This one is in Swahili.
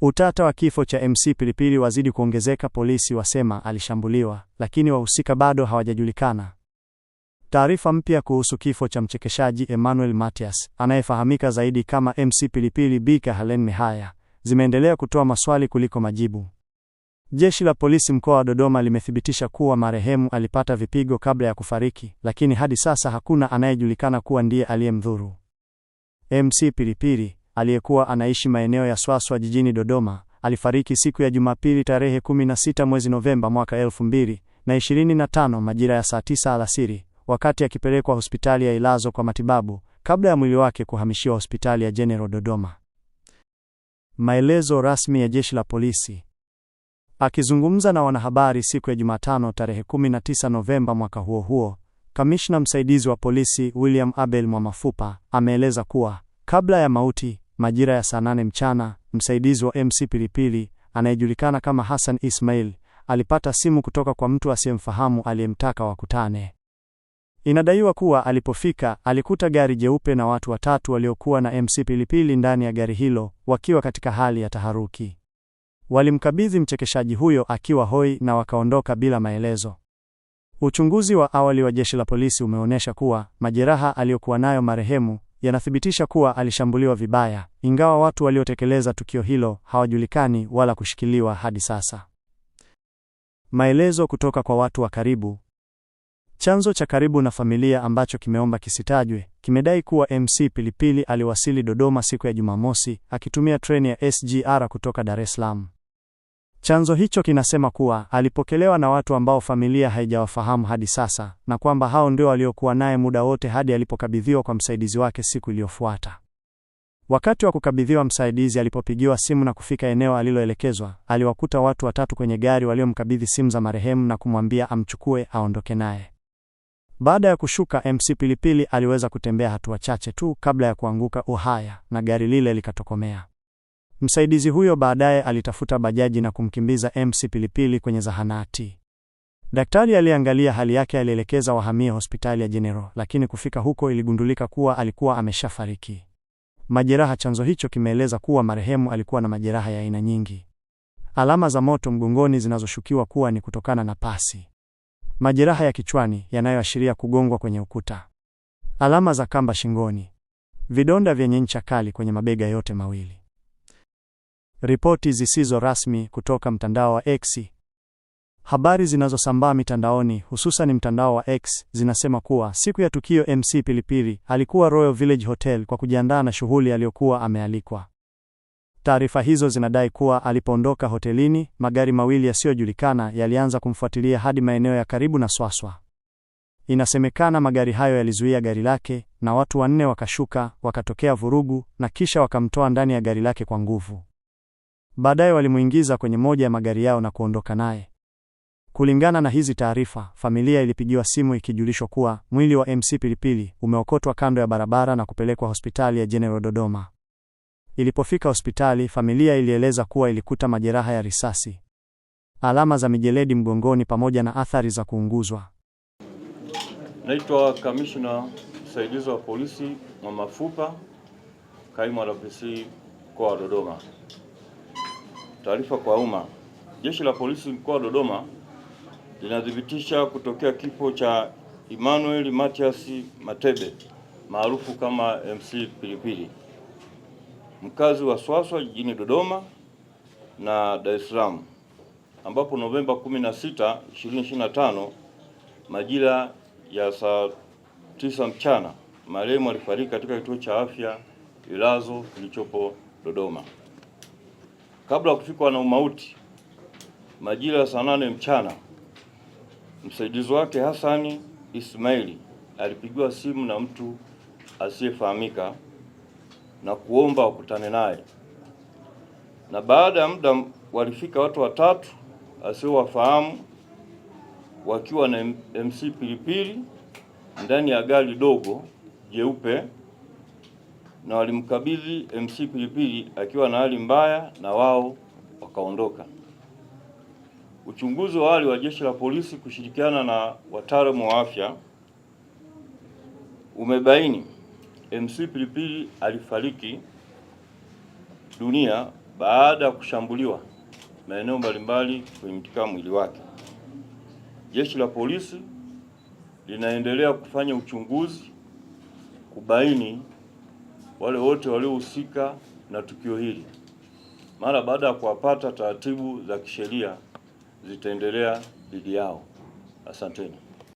Utata wa kifo cha MC Pilipili wazidi kuongezeka, polisi wasema alishambuliwa, lakini wahusika bado hawajajulikana. Taarifa mpya kuhusu kifo cha mchekeshaji Emmanuel Matias, anayefahamika zaidi kama MC Pilipili Bika Helen Mihaya, zimeendelea kutoa maswali kuliko majibu. Jeshi la polisi mkoa wa Dodoma limethibitisha kuwa marehemu alipata vipigo kabla ya kufariki, lakini hadi sasa hakuna anayejulikana kuwa ndiye aliyemdhuru MC Pilipili aliyekuwa anaishi maeneo ya Swaswa jijini Dodoma, alifariki siku ya Jumapili tarehe 16 mwezi Novemba mwaka 2025 majira ya saa tisa alasiri, wakati akipelekwa hospitali ya Ilazo kwa matibabu kabla ya mwili wake kuhamishiwa hospitali ya General Dodoma. Maelezo rasmi ya Jeshi la Polisi. Akizungumza na wanahabari siku ya Jumatano tarehe 19 Novemba mwaka huo huo, Kamishna msaidizi wa polisi William Abel Mwamafupa ameeleza kuwa kabla ya mauti majira ya saa nane mchana, msaidizi wa MC Pilipili anayejulikana kama Hassan Ismail alipata simu kutoka kwa mtu asiyemfahamu aliyemtaka wakutane. Inadaiwa kuwa alipofika alikuta gari jeupe na watu watatu waliokuwa na MC Pilipili ndani ya gari hilo wakiwa katika hali ya taharuki. Walimkabidhi mchekeshaji huyo akiwa hoi na wakaondoka bila maelezo. Uchunguzi wa awali wa jeshi la polisi umeonyesha kuwa majeraha aliyokuwa nayo marehemu yanathibitisha kuwa alishambuliwa vibaya, ingawa watu waliotekeleza tukio hilo hawajulikani wala kushikiliwa hadi sasa. Maelezo kutoka kwa watu wa karibu. Chanzo cha karibu na familia ambacho kimeomba kisitajwe kimedai kuwa MC Pilipili aliwasili Dodoma siku ya Jumamosi akitumia treni ya SGR kutoka Dar es Salaam. Chanzo hicho kinasema kuwa alipokelewa na watu ambao familia haijawafahamu hadi sasa na kwamba hao ndio waliokuwa naye muda wote hadi alipokabidhiwa kwa msaidizi wake siku iliyofuata. Wakati wa kukabidhiwa msaidizi alipopigiwa simu na kufika eneo aliloelekezwa, aliwakuta watu watatu kwenye gari waliomkabidhi simu za marehemu na kumwambia amchukue aondoke naye. Baada ya kushuka, MC Pilipili aliweza kutembea hatua chache tu kabla ya kuanguka uhaya na gari lile likatokomea. Msaidizi huyo baadaye alitafuta bajaji na kumkimbiza MC Pilipili kwenye zahanati. Daktari aliangalia hali yake, alielekeza wahamie hospitali ya General, lakini kufika huko iligundulika kuwa alikuwa ameshafariki. Majeraha, chanzo hicho kimeeleza kuwa marehemu alikuwa na majeraha ya aina nyingi, alama za moto mgongoni zinazoshukiwa kuwa ni kutokana na pasi, majeraha ya kichwani yanayoashiria kugongwa kwenye ukuta, alama za kamba shingoni, vidonda vyenye ncha kali kwenye mabega yote mawili. Ripoti zisizo rasmi kutoka mtandao wa X. Habari zinazosambaa mitandaoni, hususan mtandao wa X, zinasema kuwa siku ya tukio MC Pilipili alikuwa Royal Village Hotel kwa kujiandaa na shughuli aliyokuwa amealikwa. Taarifa hizo zinadai kuwa alipoondoka hotelini, magari mawili yasiyojulikana yalianza kumfuatilia hadi maeneo ya karibu na Swaswa. Inasemekana magari hayo yalizuia gari lake na watu wanne wakashuka, wakatokea vurugu na kisha wakamtoa ndani ya gari lake kwa nguvu. Baadaye walimuingiza kwenye moja ya magari yao na kuondoka naye. Kulingana na hizi taarifa, familia ilipigiwa simu ikijulishwa kuwa mwili wa MC Pilipili umeokotwa kando ya barabara na kupelekwa hospitali ya General Dodoma. Ilipofika hospitali, familia ilieleza kuwa ilikuta majeraha ya risasi, alama za mijeledi mgongoni pamoja na athari za kuunguzwa. Naitwa kamishna msaidizi wa polisi Mama Fupa, kaimu RPC mkoa wa Dodoma. Taarifa kwa umma. Jeshi la polisi mkoa wa Dodoma linathibitisha kutokea kifo cha Emmanuel Mathias Matebe maarufu kama MC Pilipili, mkazi wa Swaswa jijini Dodoma na Dar es Salaam, ambapo Novemba 16, 2025 majira ya saa tisa mchana marehemu alifariki katika kituo cha afya Ilazo kilichopo Dodoma. Kabla ya kufikwa na umauti majira ya saa nane mchana, msaidizi wake Hasani Ismaili alipigiwa simu na mtu asiyefahamika na kuomba wakutane naye, na baada ya muda walifika watu watatu asiowafahamu wakiwa na MC Pilipili ndani ya gari dogo jeupe na walimkabidhi MC Pilipili akiwa na hali mbaya, na wao wakaondoka. Uchunguzi wa awali wa Jeshi la Polisi kushirikiana na wataalamu wa afya umebaini MC Pilipili alifariki dunia baada ya kushambuliwa maeneo mbalimbali kwenye mtika mwili wake. Jeshi la Polisi linaendelea kufanya uchunguzi kubaini wale wote waliohusika na tukio hili mara baada ya kuwapata, taratibu za kisheria zitaendelea dhidi yao. Asanteni.